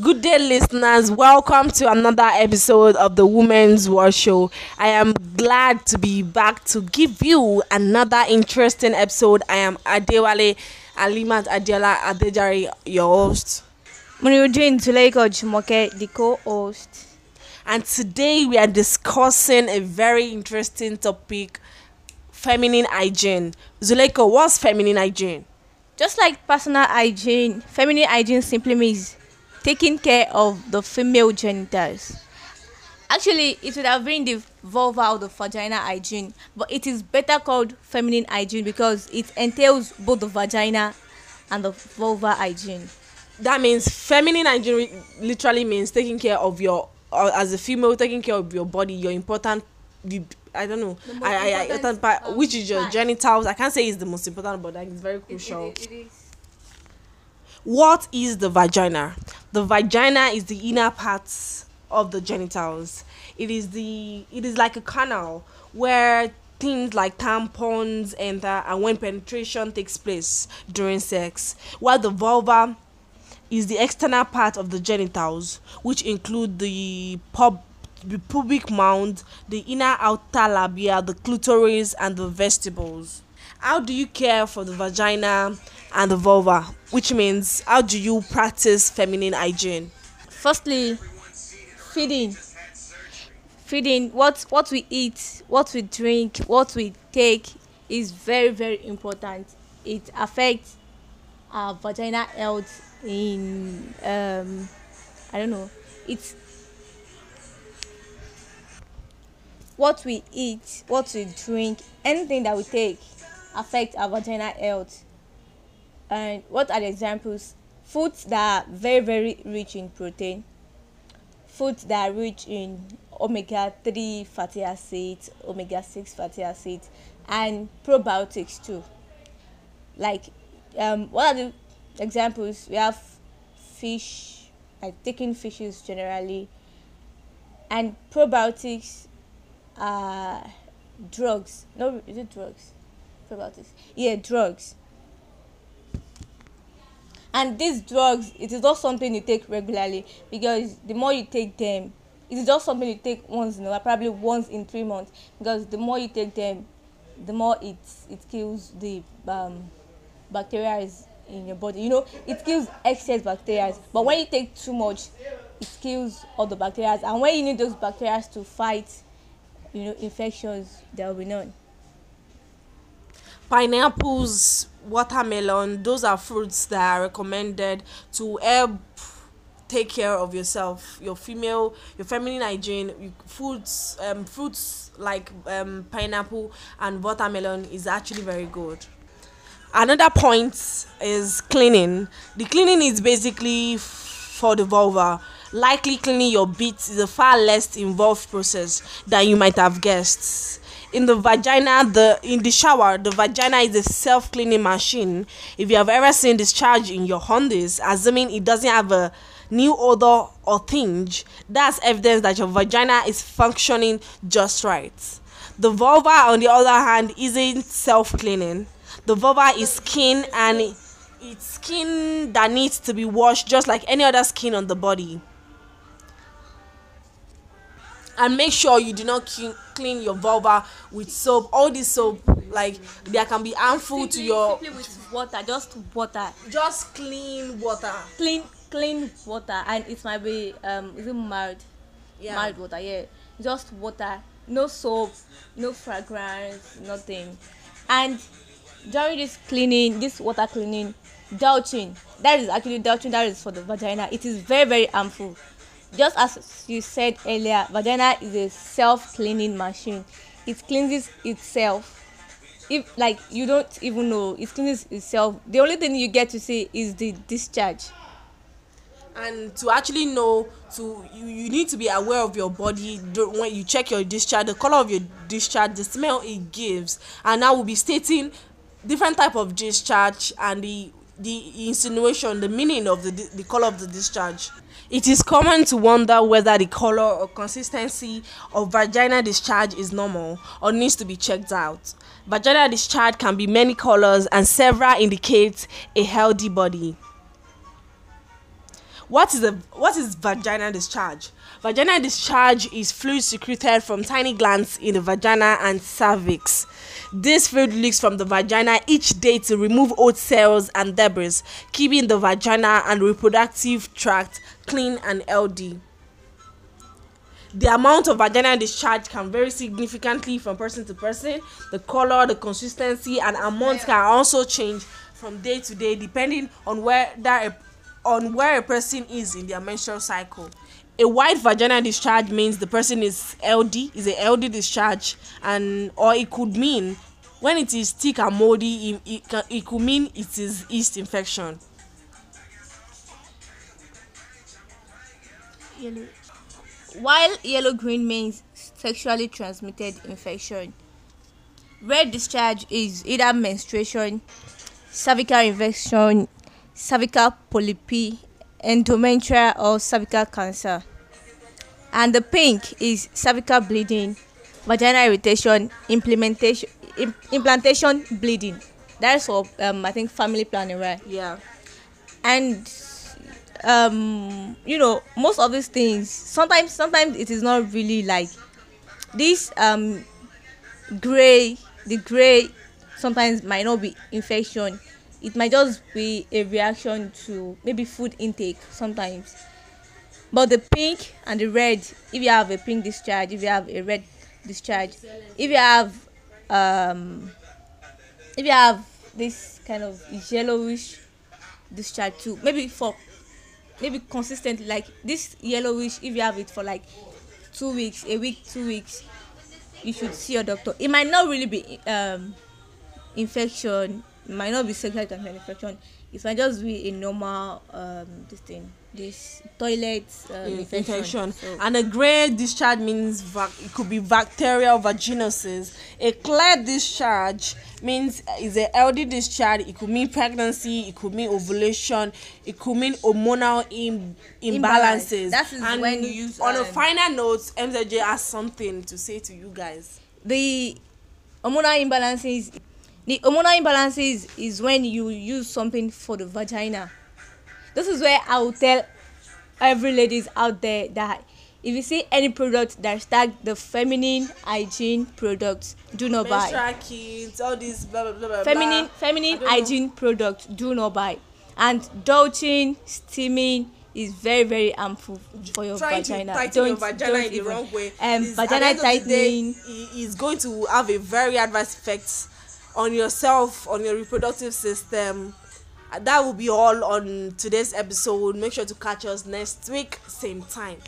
Good day, listeners. Welcome to another episode of the Women's War Show. I am glad to be back to give you another interesting episode. I am Adewale Alimat Adela Adejari, your host. Muriudin Zuleiko Jumoke, the co host. And today we are discussing a very interesting topic feminine hygiene. Zuleiko, what's feminine hygiene? Just like personal hygiene, feminine hygiene simply means taking care of the female genitals. Actually, it would have been the vulva or the vagina hygiene, but it is better called feminine hygiene because it entails both the vagina and the vulva hygiene. That means feminine hygiene literally means taking care of your, uh, as a female, taking care of your body, your important I don't know. I I, I part, um, which is your part. genitals. I can't say it's the most important, but it's very crucial. It, it, what is the vagina? The vagina is the inner part of the genitals. It is the it is like a canal where things like tampons enter and when penetration takes place during sex. While the vulva is the external part of the genitals, which include the pub the pubic mound, the inner outer labia, the clitoris, and the vestibules how do you care for the vagina and the vulva? Which means, how do you practice feminine hygiene? Firstly, feeding. Feeding, what, what we eat, what we drink, what we take is very, very important. It affects our vagina health in, um, I don't know, it's what we eat, what we drink, anything that we take affect our vaginal health. And what are the examples? Foods that are very, very rich in protein, foods that are rich in omega 3 fatty acids, omega 6 fatty acids, and probiotics too. Like, um, what are the examples? We have fish, like taking fishes generally, and probiotics are drugs. No, is it drugs? about this. yeah drugs and these drugs it is not something you take regularly because the more you take them it is just something you take once in a while probably once in three months because the more you take them the more it it kills the um, bacteria is in your body you know it kills excess bacteria but when you take too much it kills all the bacteria and when you need those bacteria to fight you know infections there will be none pineapples watermelon those are fruits that are recommended to help take care of yourself your female your feminine hygiene fruits um, fruits like um, pineapple and watermelon is actually very good another point is cleaning the cleaning is basically for the vulva likely cleaning your bits is a far less involved process than you might have guessed in the vagina the in the shower the vagina is a self-cleaning machine if you have ever seen discharge in your undies assuming it doesn't have a new odor or tinge that's evidence that your vagina is functioning just right the vulva on the other hand isn't self-cleaning the vulva is skin and it's skin that needs to be washed just like any other skin on the body and make sure you do not clean your vulva with soap all this soap like there can be harmful simply, to your simply with water just water just clean water clean clean water and it might be um is it mild yeah. mild water yeah just water no soap no fragrance nothing and during this cleaning this water cleaning douching that is actually douching that is for the vagina it is very very harmful just as you said earlier, vagina is a self-cleaning machine. It cleanses itself. If like you don't even know, it cleanses itself. The only thing you get to see is the discharge. And to actually know, to you, you need to be aware of your body when you check your discharge, the color of your discharge, the smell it gives, and I will be stating different type of discharge and the the insinuation, the meaning of the, the color of the discharge. It is common to wonder whether the color or consistency of vaginal discharge is normal or needs to be checked out. Vaginal discharge can be many colors and several indicate a healthy body. What is a what is vaginal discharge? Vaginal discharge is fluid secreted from tiny glands in the vagina and cervix. This fluid leaks from the vagina each day to remove old cells and debris, keeping the vagina and reproductive tract clean and healthy the amount of vaginal discharge can vary significantly from person to person. The color, the consistency, and amount can also change from day to day depending on whether a on where a person is in their menstrual cycle. A wide vaginal discharge means the person is LD, is a LD discharge, and or it could mean when it is thick and moldy, it, it, can, it could mean it is yeast infection. Yellow. While yellow green means sexually transmitted infection, red discharge is either menstruation, cervical infection, cervical polyp endometrial or cervical cancer and the pink is cervical bleeding vaginal irritation implementation implantation bleeding that's for um, i think family planning right yeah and um, you know most of these things sometimes sometimes it is not really like this um, gray the gray sometimes might not be infection it might just be a reaction to maybe food intake sometimes but the pink and the red if you have a pink discharge if you have a red discharge if you have um if you have this kind of yellowish discharge too maybe for maybe consistently like this yellowish if you have it for like two weeks a week two weeks you should see your doctor it might not really be um infection it might not be sexual infection it might just be a normal um this thing this toilet um, infection, infection. So. and a grey discharge means it could be bacterial vaginosis a clear discharge means uh, is a healthy discharge it could mean pregnancy it could mean ovulation it could mean hormonal Im- imbalances Imbalance. that is when you use on um, a final note mzj has something to say to you guys the hormonal imbalances The hormonal imbalances is, when you use something for the vagina. This is where I will tell every ladies out there that if you see any product that tag the feminine hygiene products do not buy menstrual kits all these blah blah blah blah feminine feminine hygiene products do not buy and douching, steaming is very very harmful for your trying vagina trying to tighten don't, your vagina in the wrong way um, is, vagina tightening is going to have a very adverse effect on yourself, on your reproductive system. That will be all on today's episode. Make sure to catch us next week, same time.